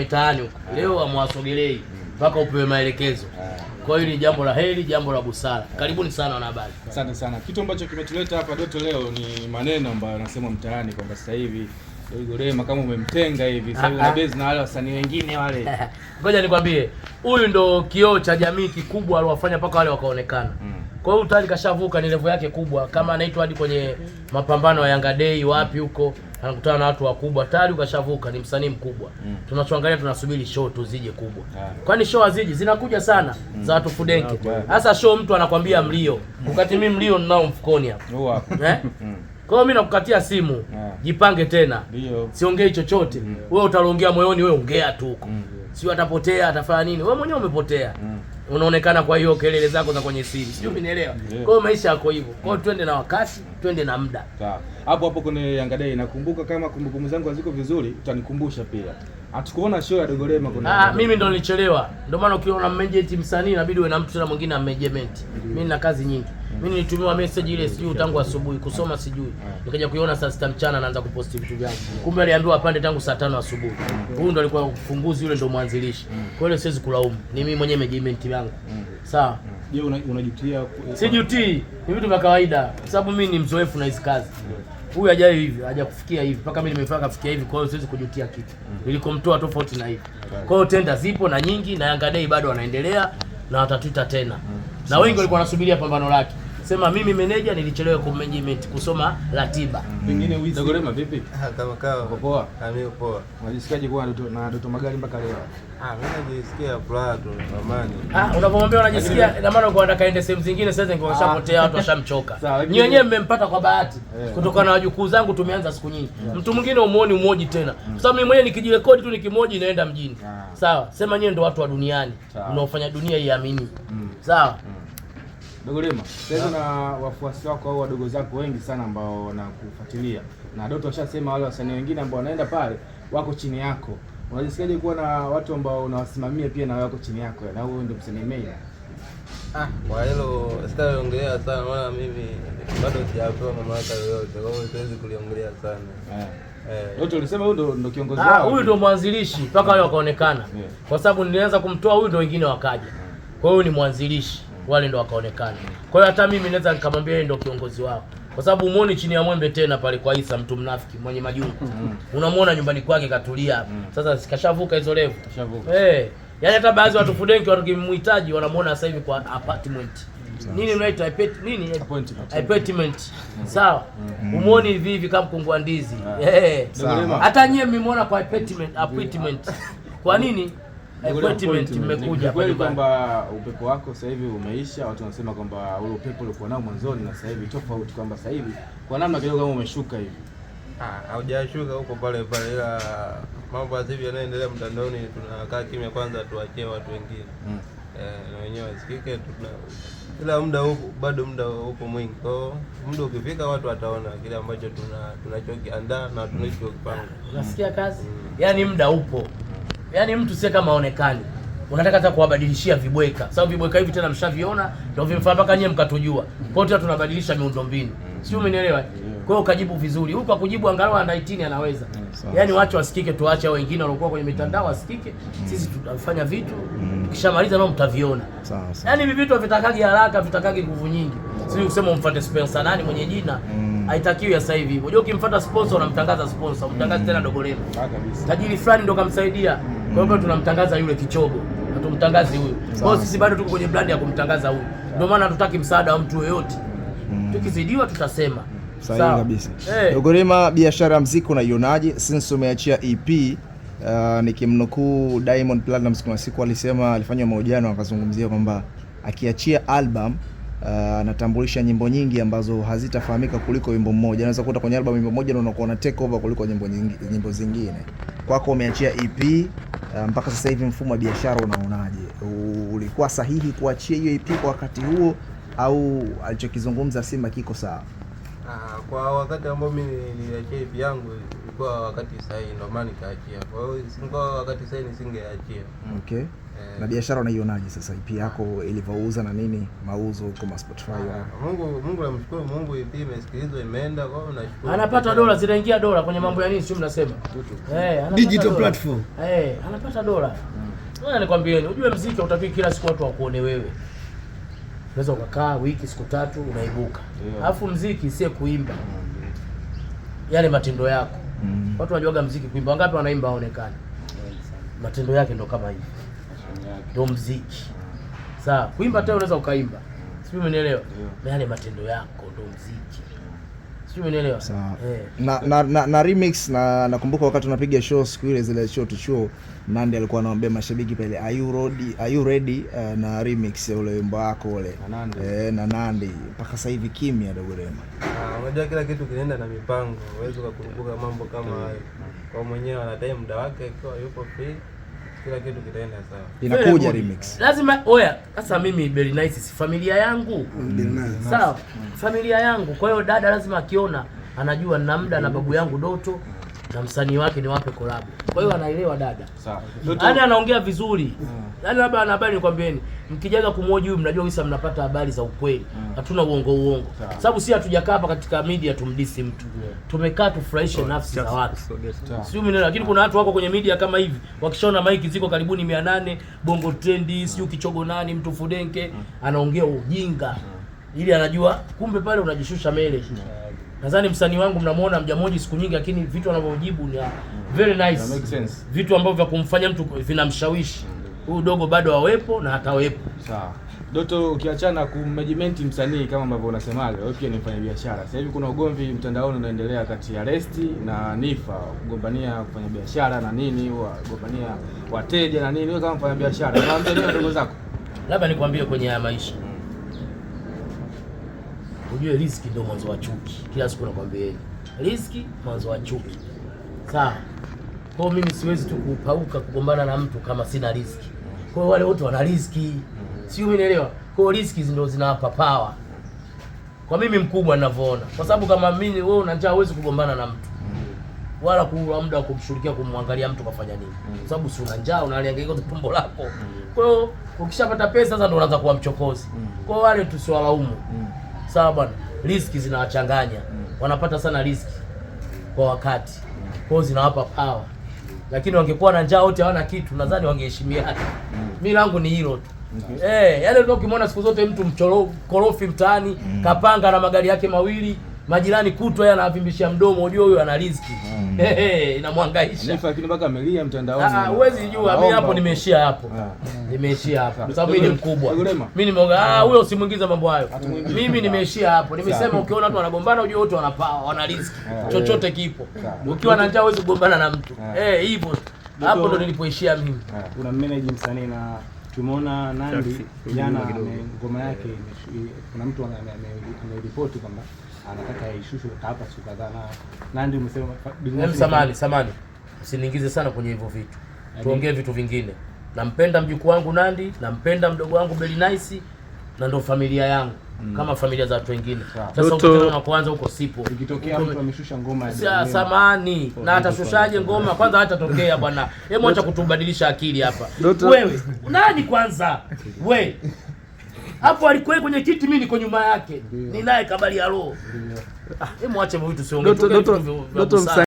mitaani huko ah. leo amwasogelei mpaka upewe maelekezo. Ah. Kwa hiyo ni jambo la heri, jambo la busara. Karibuni sana wanahabari. Asante sana. Kitu ambacho kimetuleta hapa Doto leo ni maneno ambayo anasema mtaani kwamba sasa hivi Rema kama umemtenga hivi sasa hivi ah, base na wale wasanii wengine wale. Ngoja nikwambie, huyu ndo kioo cha jamii kikubwa aliwafanya mpaka wale wakaonekana. Mm. Kwa hiyo tayari kashavuka ni level yake kubwa, kama anaitwa hadi kwenye mapambano ya Yanga Day wapi huko anakutana na watu wakubwa tayari, ukashavuka ni msanii mkubwa mm. Tunachoangalia tunasubiri show tu zije kubwa yeah. Kwani show haziji zinakuja sana mm. za watu fudenke ah, hasa okay. Show mtu anakwambia mlio mm. ukati mimi mlio ninao mfukoni hapa eh? Mm. Kwa hiyo mimi nakukatia simu yeah. Jipange tena Dio. Siongei chochote yeah. Mm. Wewe utaliongea moyoni, wewe ongea tu huko mm. Sio atapotea atafanya nini, wewe mwenyewe umepotea mm. Unaonekana kwa hiyo kelele zako za kwenye siri, sijui umenielewa? Kwa hiyo maisha yako hivyo, kwa hiyo twende na wakati, twende na muda yeah hapo hapo kwenye Yanga Day. Nakumbuka kama kumbukumbu zangu haziko vizuri, utanikumbusha pia. Hatukuona show ya Dogolema kuna. Ah, mimi ndo nilichelewa. Ndio maana ukiona mmejeti msanii inabidi uwe na mtu tena mwingine amejement. Mm-hmm. Mimi nina kazi nyingi. Mm-hmm. Mimi nilitumiwa message ile sijui tangu asubuhi kusoma sijui. Mm-hmm. Nikaja kuiona saa sita mchana naanza kuposti vitu vyangu. Kumbe aliambiwa apande tangu saa tano asubuhi. Huyu ndo alikuwa ufunguzi yule ndo mwanzilishi. Kwa hiyo siwezi kulaumu. Ni mimi mwenyewe mejement yangu. Sawa. Je, unajutia? Sijutii, ni vitu vya kawaida, kwa sababu mimi ni mzoefu na hizi kazi. Huyu hajawahi hivi, kufikia hivi mpaka mimi nimefika kafikia hivi, kwa hiyo siwezi kujutia kitu nilikomtoa, tofauti na hivi. Kwa hiyo tenda zipo na nyingi, na Yanga Day bado wanaendelea na watatuita tena, na wengi walikuwa wanasubiria pambano lake sema mimi meneja nilichelewa kwa management kusoma ratiba. Mm. Pengine mm. wizi. Dogorema vipi? Ah, Kama kawa. Uko poa? Ah, Mimi uko poa. Unajisikiaje kwa ndoto na ndoto Magari mpaka leo? Ah, mimi najisikia furaha tu, amani. Ah, unapomwambia unajisikia na maana uko anataka aende sehemu zingine sasa ingekuwa ah. shapotea watu washamchoka. Nyinyi wenyewe mmempata kwa bahati. Yeah. Kutokana na wajukuu zangu tumeanza siku nyingi. Yeah. Mtu mwingine umuoni umoji tena. Kwa mm. sababu mimi mwenyewe nikijirekodi tu nikimoji inaenda mjini. Yeah. Sawa. Sema nyewe ndio watu wa duniani. Unaofanya dunia iamini. Mm. Sawa. Mm. Dogo Lema, sasa na wafuasi wako au wadogo zako wengi sana ambao wanakufuatilia na Doto washasema wale wasanii wengine ambao wanaenda pale wako chini yako, unajisikiaje kuwa na watu ambao unawasimamia pia na wako chini yako na wewe ndio msanii main? Ah, kwa hilo sitaliongelea sana, maana mimi bado sijapewa mamlaka yoyote, kwa hiyo siwezi kuliongelea sana Eh. Yote eh. ulisema huyu ndo kiongozi ah, wao. Ah, Huyu ndo mwanzilishi mpaka eh. wale wakaonekana, eh. Kwa sababu nilianza kumtoa huyu ndo wengine wakaja, kwa hiyo ni mwanzilishi wale ndo wakaonekana. Kwa hiyo hata mimi naweza nikamwambia yeye ndo kiongozi wao, kwa sababu umuoni chini ya mwembe tena pale kwa Isa, mtu mnafiki mwenye majungu mm -hmm. Unamuona nyumbani kwake katulia mm -hmm. Sasa sikashavuka hizo levu hey. Eh, yaani hata baadhi ya watu fudenki wakimhitaji wanamuona sasa hivi kwa apartment nini unaita ipet nini appointment mm-hmm. sawa. Mm-hmm. Umuoni hivi hivi kama mkungu ndizi, ah. eh. hata nyie mmemuona kwa appointment appointment. Kwa nini? kweli kwamba upepo wako sasa hivi umeisha. Watu wanasema kwamba ule upepo ulikuwa nao mwanzoni na sasa hivi tofauti, kwamba sasa hivi kwa namna kidogo kama umeshuka hivi. Ah, haujashuka huko pale pale, ila mambo sasa hivi yanaendelea mtandaoni, tunakaa kimya kwanza, tuachie watu wengine mm. eh, na wenyewe wasikike. Ila muda huko bado, muda upo mwingi, kwa muda ukifika, watu wataona kile ambacho tunachokiandaa na tunachokipanga. Unasikia kazi, mm. yaani muda upo Yaani mtu sie kama aonekani. Unataka hata kuwabadilishia vibweka. Sababu vibweka hivi tena mshaviona ndio vimfaa mpaka nyie mkatujua. Kwa hiyo tunabadilisha mbinu, Sio, umenielewa? Kwa hiyo ukajibu vizuri. Huko kujibu angalau under 19 anaweza. Yaani wache wasikike, tuache hao wengine waliokuwa kwenye mitandao wasikike. Sisi tutafanya vitu, tukishamaliza mm. nao mtaviona. sawa. Yaani hivi vitu vitakagi haraka, vitakagi nguvu nyingi. Sio kusema umfuate sponsor nani mwenye jina. Mm. Haitakiwi ya sasa hivi. Unajua ukimfuata sponsor unamtangaza sponsor, unamtangaza mm. tena dogo lenu. Tajiri fulani ndo kamsaidia. Kwa hivyo tunamtangaza yule kichogo, hatumtangazi huyu. Kwa hiyo sisi bado tuko kwenye brand ya kumtangaza huyu, ndio maana hatutaki msaada wa mtu yoyote. Mm. Tukizidiwa tutasema. Sawa kabisa. Eh. Dogorema, hey, biashara ya muziki unaionaje since umeachia EP? Uh, nikimnukuu Diamond Platnumz kuna siku alisema, alifanya mahojiano akazungumzia kwamba akiachia album Ah, anatambulisha nyimbo nyingi ambazo hazitafahamika kuliko wimbo mmoja. Unaweza kuta kwenye album wimbo mmoja ndio unakuwa na take over kuliko nyimbo nyingi, nyimbo zingine. Kwako umeachia EP uh, ah, mpaka sasa hivi mfumo wa biashara unaonaje? Ulikuwa sahihi kuachia hiyo EP kwa wakati huo au alichokizungumza Simba kiko sawa? Uh, kwa wakati ambao mimi niliachia EP yangu sikuwa wakati sahihi, ndio maana nikaachia. Kwa hiyo sikuwa wakati sahihi, nisingeachia. Okay. Eh. Na biashara unaionaje sasa ipi yako ilivyouza na nini mauzo huko Spotify? Ah, Mungu Mungu namshukuru Mungu, ipi imesikilizwa imeenda, kwa hiyo nashukuru. Anapata dola zinaingia dola kwenye mambo ya nini sio mnasema? Eh, digital platform. Eh, anapata dola. Mm. Sasa nikwambieni, ujue mziki utafiki kila siku watu wakuone wewe. Unaweza ukakaa wiki siku tatu unaibuka. Alafu yeah. mziki sie kuimba. Yale matendo yako Mm. Watu wanajuaga mziki kuimba, wangapi wanaimba waonekane? Matendo yake ndo kama hivi, ndo mziki. Sawa, kuimba tena unaweza ukaimba, sijui umenielewa? Yale yaani matendo yako ndo mziki. Eh. Na, remix na nakumbuka wakati unapiga show siku ile zile show to show Nandy alikuwa anawaambia mashabiki pale are you ready, are you ready uh, na remix ya ule wimbo wako ule na Nandy eh, mpaka sasa hivi kimya dogo Rema. Ah, unajua kila kitu kinaenda na mipango, huwezi kukumbuka mambo kama hayo. Kwa mwenyewe anadai muda wake, yupo free kila kitu kitaenda sawa, inakuja remix lazima. Oya, sasa mimi Beli Nice si familia yangu mm. Sawa, familia yangu. Kwa hiyo dada lazima akiona, anajua na muda na babu yangu Doto na msanii wake ni wape collab. Kwa hiyo anaelewa dada. Sawa. Yaani anaongea vizuri. Mm. Yaani mm. labda ana habari nikwambieni, mkijaza kumwoji huyu mnajua hisa mnapata habari za ukweli. Mm. Hatuna uongo uongo. Sababu si hatujakaa hapa katika media tumdisi mtu. yeah. Tumekaa tufurahishe oh, nafsi za watu. Sio mimi lakini kuna watu wako kwenye media kama hivi, wakishaona maiki ziko karibuni 800, Bongo Trendi, mm. sio kichogo nani, mtu Fudenke, mm. anaongea ujinga. mm. Ili anajua kumbe pale unajishusha mele nadhani msanii wangu mnamuona mjamoji siku nyingi, lakini vitu anavyojibu ni ah, very nice, make sense, vitu ambavyo vya kumfanya mtu vinamshawishi huyu dogo bado awepo na hatawepo. Sawa. Doto, ukiachana kumanagement msanii kama ambavyo unasemaga, wewe pia ni mfanyabiashara. Sasa hivi kuna ugomvi mtandaoni unaendelea kati ya Resti na Nifa, kugombania kufanya biashara na nini, wagombania wateja na nini. Wewe kama mfanyabiashara, naambia nini ndugu zako? Labda nikwambie kwenye haya maisha ujue riziki ndio mwanzo wa chuki. Kila siku nakwambia hivi, riziki mwanzo wa chuki. Sawa? Kwa hiyo mimi siwezi tu kupauka kugombana na mtu kama sina riziki. Kwa hiyo wale wote wana riziki, sio? mimi, Umeelewa? Kwa hiyo riziki ndio zinawapa power. Kwa mimi mkubwa ninavyoona, kwa sababu kama mimi wewe una njaa, huwezi kugombana na mtu wala kuwa muda wa kumshirikia kumwangalia mtu kafanya nini, kwa sababu si una njaa, unaliangalia tumbo lako. Kwa hiyo ukishapata pesa sasa ndio unaanza kuwa mchokozi. Kwa hiyo wale tusiwalaumu sawa bwana, riski zinawachanganya mm. wanapata sana riski kwa wakati, kwa hiyo zinawapa power, lakini wangekuwa na njaa wote hawana kitu, nadhani wangeheshimiana. Mm. Mimi langu ni hilo tu. Okay. Eh, yale ukimwona siku zote mtu mkorofi mtaani mm. kapanga na magari yake mawili majirani kutwa yeye anavimbishia mdomo, unajua huyo ana riziki mm. Hey, hey, inamwangaisha lakini mpaka amelia mtandaoni. Ah, huwezi jua, mimi hapo nimeishia hapo, nimeishia hapo kwa sababu mimi ni mkubwa, mimi nimeoga ah, huyo usimuingize mambo hayo. Mimi nimeishia hapo, nimesema ukiona watu wanagombana, unajua wote wana wana riziki, chochote kipo. Ukiwa na njaa huwezi kugombana na mtu eh, hivyo hapo ndo nilipoishia mimi. Una manage msanii na tumeona Nandy jana ngoma yake, kuna mtu ameripoti kwamba anataka yaishushwe hapa siku kadhaa, na na ndio umesema. Samani, samani, usiniingize sana kwenye hivyo vitu, tuongee vitu vingine. Nampenda mjukuu wangu Nandi, nampenda mdogo wangu Nice na ndo familia yangu mm. kama familia za watu wengine. Sasa na kwanza huko sipo, ikitokea mtu ameshusha ngoma ya samani oh, na atashushaje ngoma kwanza, hata tokea bwana, hebu acha kutubadilisha akili hapa wewe. Nani kwanza we hapo alikuwa kwenye kiti, mimi niko nyuma yake, ninaye kabali ya roho. Hebu ache vitu sio ndoto.